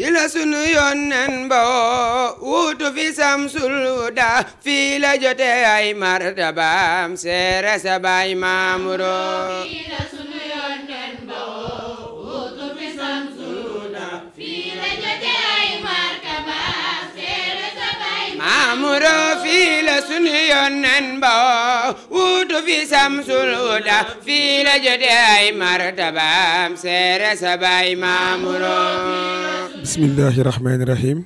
fi la sunu yonnen ba woo wuutu fi samsul huda fi la jote ay martabaam seere sa baay maamuro la sunu yonnen ba woo wuutu fi samsul huda في لجداي مرتبام سير سباي مامورو بسم الله الرحمن الرحيم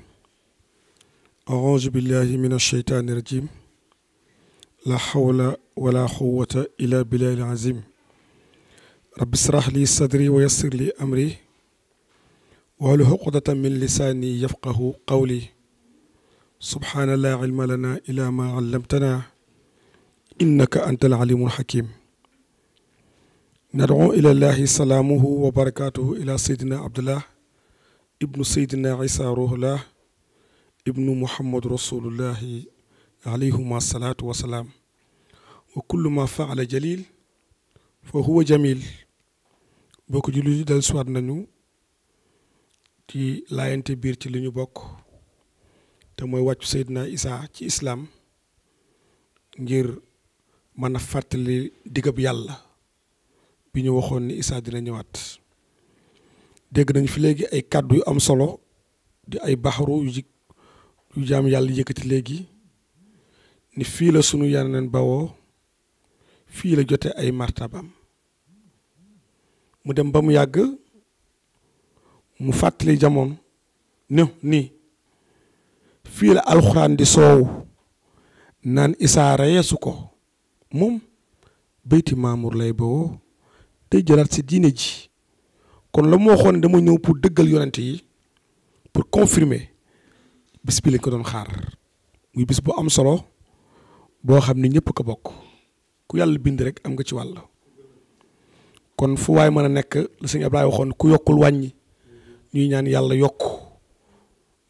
أعوذ بالله من الشيطان الرجيم لا حول ولا قوة إلا بالله العظيم رب اشرح لي صدري ويسر لي أمري وهل عقدة من لساني يفقه قولي سبحان الله علم لنا إلا ما علمتنا إنك أنت العليم الحكيم ندعو إلى الله سلامه وبركاته إلى سيدنا عبد الله ابن سيدنا عيسى روح الله ابن محمد رسول الله عليهما الصلاة والسلام وكل ما فعل جليل فهو جميل بوك جولي دال سوات نانيو تي لاينت بير تي لي بوك تا موي واتو سيدنا عيسى تي اسلام ngir mën a digab yàlla bi ñu waxoon ni Issa dina ñëwaat dégg nañ fi léegi ay kàddu yu am solo di ay baxaru yu yu jaam yàlla yëkkati léegi ni fii la sunu yeneen bawoo fii la jote ay martabam mu dem ba mu yàgg mu fàttali jamoon ni fii la alxuraan di soow naan isaa reyeesu ko moom béyti maamur lay bawoo day jëlaat si diine ji kon la moo waxoon ne dama ñëw pour dëggal yonent yi pour confirmer bis bi lañ ko doon xaar muy bis bu am solo boo xam ni ñëpp ko bokk ku yàlla bind rek am nga ci wàll kon fu waay mën a nekk la sëñ Ablaye waxoon ku yokkul wàññi ñuy ñaan yàlla yokk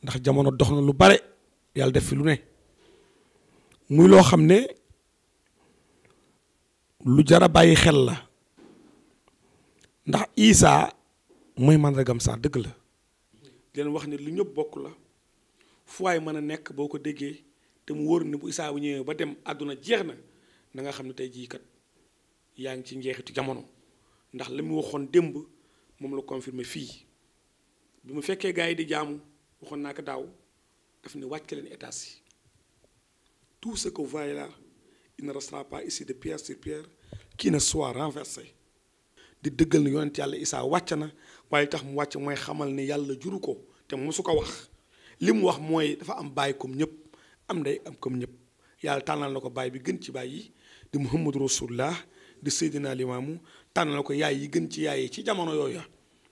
ndax jamono dox na lu bare yàlla def fi lu ne muy loo xam ne lu jara bàyyi xel la ndax Isa mooy màndargam sax dëgg la den wax ne lu ñëpp bokk la fu waay mën a nekk boo ko déggee te mu wóor ni bu Isa bu ñëwee ba dem àdduna jeex na na nga xam ne tey jii kat yaa ngi ci njeexitu jamono ndax li mu waxoon démb moom la confirmé fii bi mu fekkee gars yi di jaamu waxoon naa ko daaw daf ne wàcc leen état si tout ce que vous voyez là il ne restera de pierre sur pierre qui ne soit renversé di dëggal ne yonent yàlla isaa wàcc na waaye tax mu wàcc mooy xamal ne yàlla juru ko te mosu ko wax li mu wax mooy dafa am bàyyi kom ñëpp am ndey am comme ñëpp yàlla tànnal na ko baay bi gën ci bàyyi yi di muhammadu rasulullah di seydina limaamu tànnal na ko yaay yi gën ci yaay yi ci jamono yooyu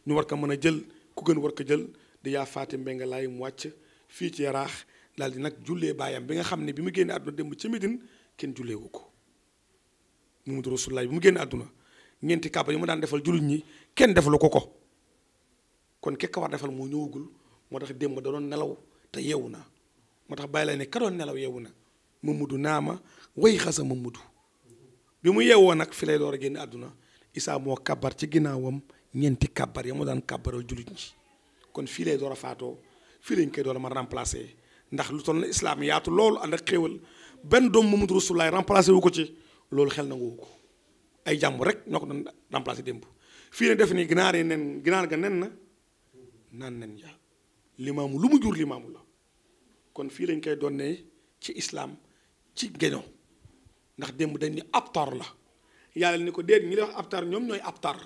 ñu war ko mën a jël ku gën war ko jël di yaa faati mbenga laay mu wàcc fii ci yaraax daal di nag jullee baayam bi nga xam ne bi mu génne àdduna démb ci Médine kenn jullee wu ko muhammadu rasulullah bi mu génne àdduna ñeenti kàbbar yi ma daan defal jullit ñi kenn defalu ko ko kon kekk war defal moo ñëwagul moo tax démb da doon nelaw te yeewu na moo tax bàyyi la ne ka doon nelaw yeewu na Mamadou naama way xasa Mamadou bi mu yeewoo nag fi lay door a génn àdduna Isaa moo kàbbar ci ginnaawam ñeenti kàbbar ya mu daan kàbbaral jullit ñi kon fii lay door a faatoo fii lañ koy door a ma remplacer ndax lu toll na islaam yaatu loolu ànd ak xéewal benn doom Mamadou Rasulullaay remplacer wu ko ci loolu xel nanguwu ko ay jàmbur rek ñoo ko doon remplacé démb fii ne def ni ginaar yi nen ginaar ga nen na naan nen yaa limaamu lu mu jur limaamu la kon fii lañ koy doon ne ci islaam ci géño ndax démb dañ ni abtar la yàlla ni ko déet ñu lay wax abtar ñoom ñooy abtar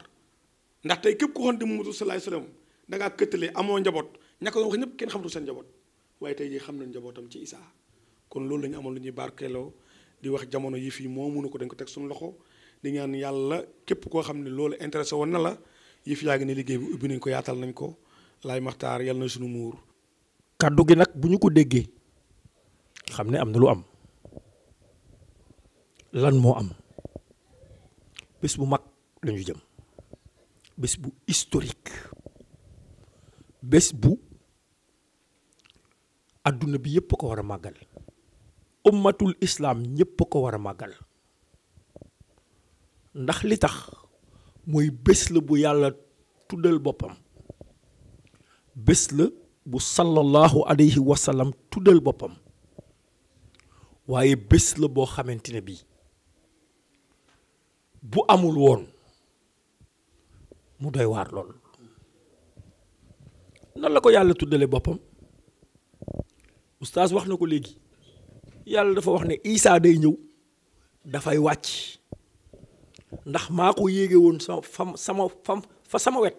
ndax tey képp ku xoon di Muhammadu sallallahu alayhi wasallam da ngaa këttalee amoo njaboot ñàkk doon wax ñëpp kenn xamatul seen njaboot waaye tey jii xam nañ njabootam ci isaa kon loolu la ñu amoon lu ñuy barkeeloo di wax jamono yi fii moo mënu ko dañ ko teg suñu loxo di ñaan yàlla képp koo xam ne loolu intéressé woon na la yëf yaa ngi ne liggéey bi ubbi nañ ko yaatal nañ ko laay maxtaar yàlla na sunu muur. kàddu gi nag bu ñu ko déggee xam ne am na lu am lan moo am bés bu mag lañu jëm bés bu historique bés bu adduna bi yëpp ko war a màggal ummatul islaam ñëpp ko war a màggal ndax li tax muy bés la bu yàlla tuddal boppam bés la bu sallallahu alayhi wa sallam tuddal boppam waaye bés la boo xamante ne bii bu amul woon mu doy waar lool nan la ko yàlla tuddale boppam oustaz wax na ko léegi yàlla dafa wax ne Isaa day ñëw dafay wàcc ndax maa ko yéege woon sama fam sama fam fa sama wet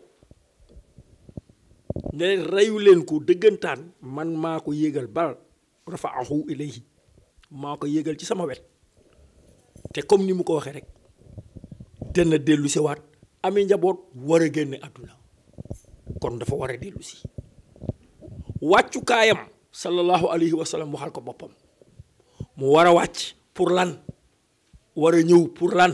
ne rayu ko dëggantaan man maa ko bal rafaahu ilayhi maa ko yéegal ci sama wet te comme ni mu ko waxee rek dana dellu si waat ami njaboot war a génne àdduna kon dafa war a dellu si sallallahu alayhi wa sallam waxal ko boppam mu war a wàcc pour lan war a pour lan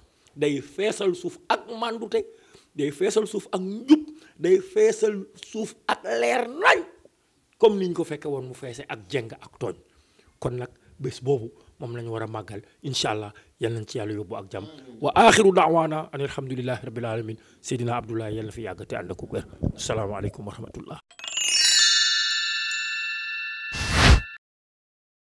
day feesal suuf ak màndute day feesal suuf ak njub day feesal suuf ak leer nañ comme ñu ko fekkee woon mu feese ak jeng ak tooñ kon nag bés boobu moom lañu war a màggal incha allah yal nañ ci yàlla yóbbu ak jam wa axiru daawaana an alhamdulilahi rabbil alamin seydina abdoulaye yal na fi yàgg te ànd ak wér asalaamaaleykum wa rahmatullah